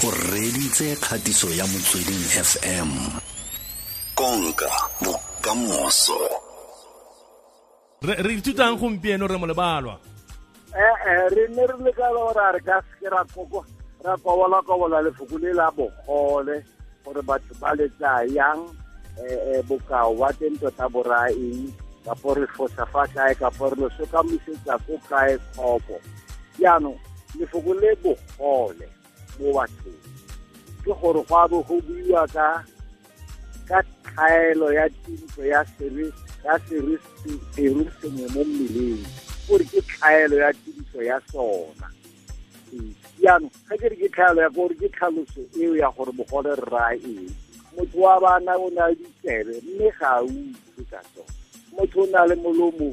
o reditse kgatiso ya motsweding fm konka bokamoso re ithutang gompieno re molebalwa ee re ne re le gore a re ka seke ra kobolakobola lefoko le la bogole gore batho ba le tsayang um e-e, bokao wa teng tota boraeng kapo re fosa fa kae kapo re loso ko kae kgopo jaanong lefoko le bogole mo bathong ke gore go abo go buiwa ka ka tlhaelo ya tintso ya seri ya serisengwe mo mmeleng gore ke tlhaelo ya tiriso ya sona jaanong ga ke re ke tlhaelo ya gore ke tlhaloso eo ya gore bogole re raya eng motho wa bana o na le ditsebe mme ga a utlwe ka sona motho o na le molomo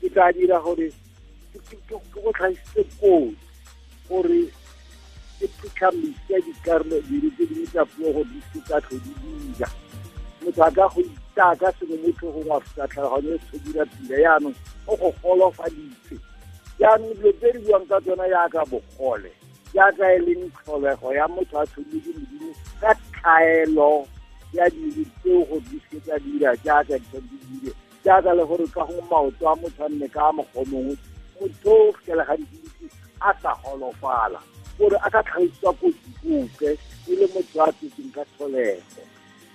ke tla dira gore ke go tlhagisitse kotsi gore ke phutlhamisa dikarolo dire tse dingwe tsa puo gore di se tsa tlhodi dira motho a ka go itaka sengwe mo tlhogong a tlhaloganyo e se dira tira yaanong o go golofaditse jaanong dilo tse re buang ka tsona yaaka bogole jaaka e leng tlholego ya motho a tshobedi modimo ka tlhaelo ya dire tseo go di se tsa dira jaaka di di dire jaaka le gore ka go maoto a motho a nne ka mogomong motho o fitela ga a sa golofala gore a ka tlhagisiwa kotikuke e le motho a tsetseng ka tlholego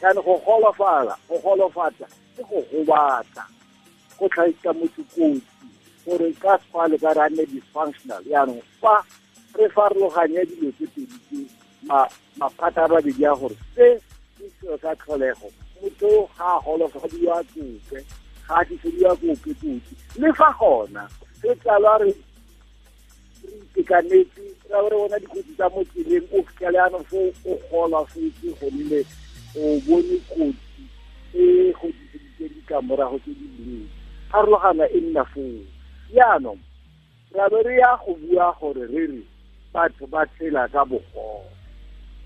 yani go golofala go golofatsa ke go gobatsa go tlhagisa motho kotsi gore ka fa le ka ranne a nne yaanong fa re farologanye dilo tse pedi maphata a babedi a gore se ke seo sa tlholego motho ga a golofadiwa kope Ha di se li akou ke kouti. Le fa kou na. Se tlalari. Rite ka neti. La vore wane di kouti ta moukile. Kou fikele anou fou. Kou kou la fouti. Kou li le. Ou wouni kouti. E kouti se di teri kamor. A kouti di blou. Har lo kame enna fou. Ya anou. La vore ya kou vou ya kou re re. Pati pati se la kabou kou.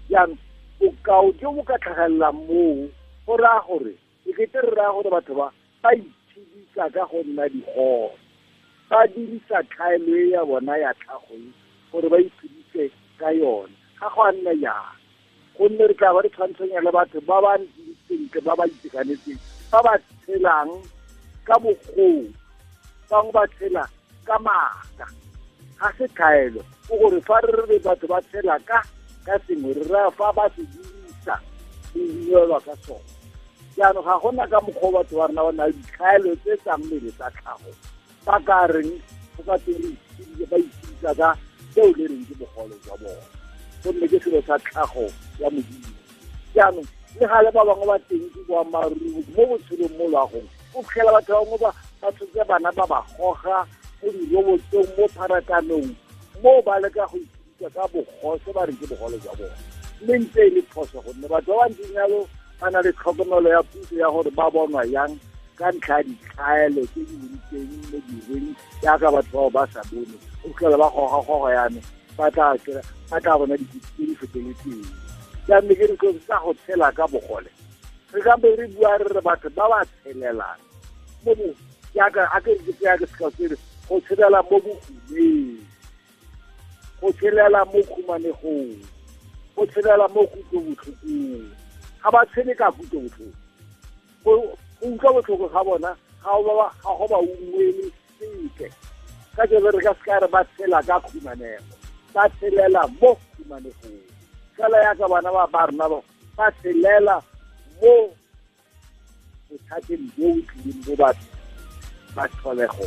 Yan. Ou kaw di ou wou katakal la mou. Kou ra kou re. E ke teri ra kou do batwa. ba iphedisa ka go nna digole ba dirisa tlhaelo e ya bona ya tlhagong e, gore ba iphedise ka yona ga go a nna jang gonne re tla ba re tshwantshanya le batho ba ba sentle ba ba itekanetseng ba ba tshelang ka bokgoni bangwe ba tshela ka maaka ga se tlhaelo ke gore fa re re batho ba tshela ka ka sengwe re ra fa ba se dirisa se direlwa ka sona jaanong ga gona ka mokgwa batho ba rona ba na le ditlhaelo tse tsang mmele tsa tlhago ba ka reng go ka tsenre ba itshedisa ka seo le reng ke bogolo jwa bone gonne ke selo sa tlhago ya modimo jaanong le gale ba bangwe ba teng ke boammaaruri mo botshelong mo loagong o fitlhela batho ba bangwe ba tshotse bana ba ba goga mo dirobotsong mo pharakanong mo ba leka go ikhudisa ka bogose ba reng ke bogole jwa bone le ntse e le phoso gonne batho ba bantsinyalo ba na le tlhokomelo ya puso ya gore ba bonwa yang ka ntlha ya ditlhaelo tse di bontseng mo direng jaaka batho bao ba sa bone o tlhela ba gogagogo yane ba tla bona dikitse tse di feteletseng jamme ke dikotsi tsa go tshela ka bogole re ka re bua re re batho ba ba tshelelang mo jaaka a ke go tshelela mo bohumeng go tshelela mo khumanegong go tshelela mo kutlobotlhokong ga ba tshwene ka kuto botlhoko go utlwa botlhoko ga bona ga go ba ungwele sepe ka jalo re ka seka re ba tshela ka khumanego ba tshelela mo khumanegong fela yaka bana ba ba rona ba tshelela mo bothateng bo o tlileng bo batho ba tlholego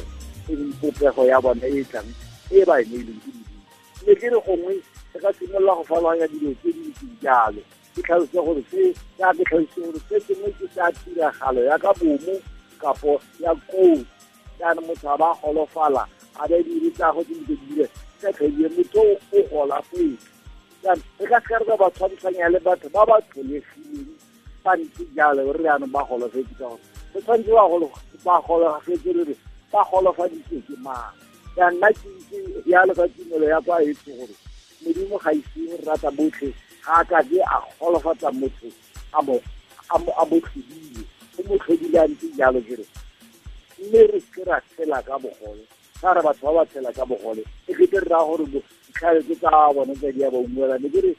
e leng popego ya bona e e tlang e ba e neileng ke modimo mme ke re gongwe re ka simolola go falaganya dilo tse dintseng jalo ke tlhalose gore se ya ke tlhalose gore se sengwe ke sa tiragalo ya ka bomo kapo ya koo jaanong motho a ba golofala a be dire tsa go tse dire ka tlhedie motho o gola pele jaanong e ka se ka ba tshwantshanya le batho ba ba tlholegileng ba ntse jalo re jaanong ba golofetse ka gore go tshwanetse ba golofetse re re ba golofaditse ke mang ya nna ke itse jalo ka tumelo ya kwa etse gore modimo ga e iseng rata botlhe ga ka ke a golofatsa motho a mo tlhodile o mo tlhodile a ntse jalo kere mme re ke ra tshela ka bogole ga re batho ba ba tshela ka bogole e ke ke rraya gore ditlhale tse tsa bone tsa di a ba umuela ne kere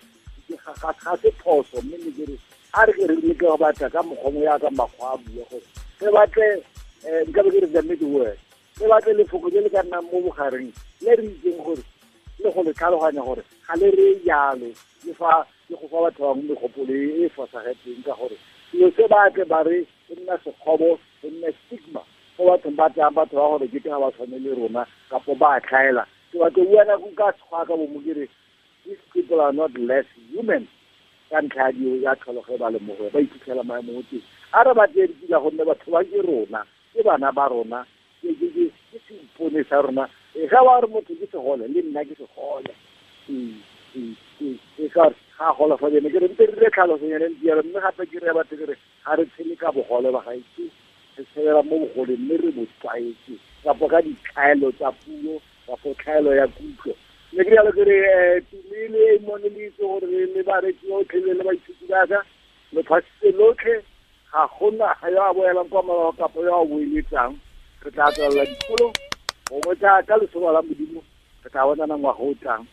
ga se phoso mme ne kere a re ke re le go batla ka mokgomo ya ka makgwa a bua gore re batle um eh, nkabe ke re the mid word re batle lefoko je le ka nnang mo bogareng le re itseng gore le go le tlhaloganya gore ga le re jalo le fa le go fa batho bangwe megopolo e, e fosagetseng ka gore selo se batle ba re e nna sekgobo e nne stigma go bathong ba tlang batho ba gore ke ka ba tshwane le rona kapo ba tlhaela ke batlo bua nako ka tshwa ka bomo kere these people are not less human ka ntlha ya dio ya tlhologe ba le ba iphitlhela maemo o teng a re ba tsedikila gonne batho ba ke rona ke bana ba rona ke seipone sa rona e ge wa re motho ke segole le nna ke segole mm, mm, mm. e ka ga golofa bene ke re mpe re tlhalosonyane le dielo mme gape ke re batho ke ga re tshele ka bogole ba gaetse re tshelela mo bogole mme re bo tlwaetse kapo ka ditlhaelo tsa puo kapo tlhaelo ya kutlo ne ke yalo kere eh, tumile e mone le itse gore le baretsi otlhe le baithuti baka lefatshe lotlhe ga gona yo a boelang kwa marago kapo yo a boeletsang re tla tswelela dikolo go botsa ka lesego la modimo re tla bonana ngwaga o tlang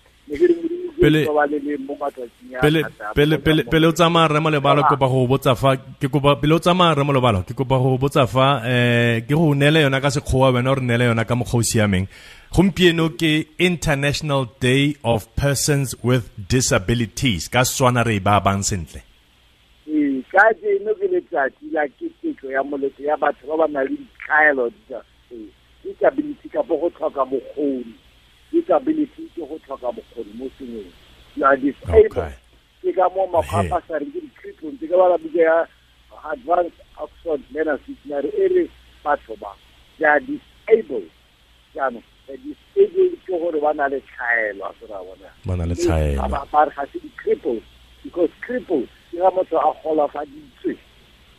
pele o tsamaya remo lebalo kopa go botsa fa ke kopa pele o tsamaya remo lebalo ke kopa go botsa fa eh ke go neele yona ka sekgowa wena o re neele yona ka mokgwa o siameng gompieno ke international day of persons with disabilities ka swana re e ba bang sentle ee, ka jeno ke letsatsi la ketetso ya moletso ya batho ba ba nang le ditlhaelo disability ka go tlhoka bokgoni disability ke go tlhoka bokgoni mo sengweng you are disabled ke ka mo makgwapa a sa reng ke di-treatment ke ba labitsa ya advanced oxford learners dictionary e re batho ba they are disabled jaanong the disabled ke gore ba na le tlhaelo a sera bona ba na le tlhaelo ba re ga se di-cripples because cripples ke ga motho a golafaditswe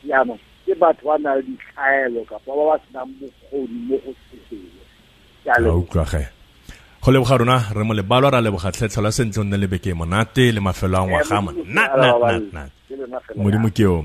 jaanong ke batho ba na le ditlhaelo kapa ba ba senang bokgoni mo go sesengwe go leboga rona re mo lebalo ra leboga tlhetlhola sentle o nne lebeke e monate le mafelo a ngwaga monatnatnat modimo ke o